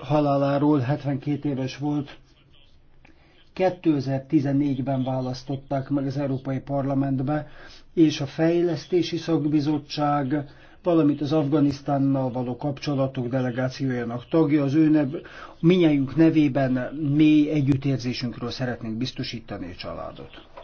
haláláról 72 éves volt. 2014-ben választották meg az Európai Parlamentbe, és a Fejlesztési Szakbizottság, valamint az Afganisztánnal való kapcsolatok delegációjának tagja, az ő nev, minnyájunk nevében mély együttérzésünkről szeretnénk biztosítani a családot.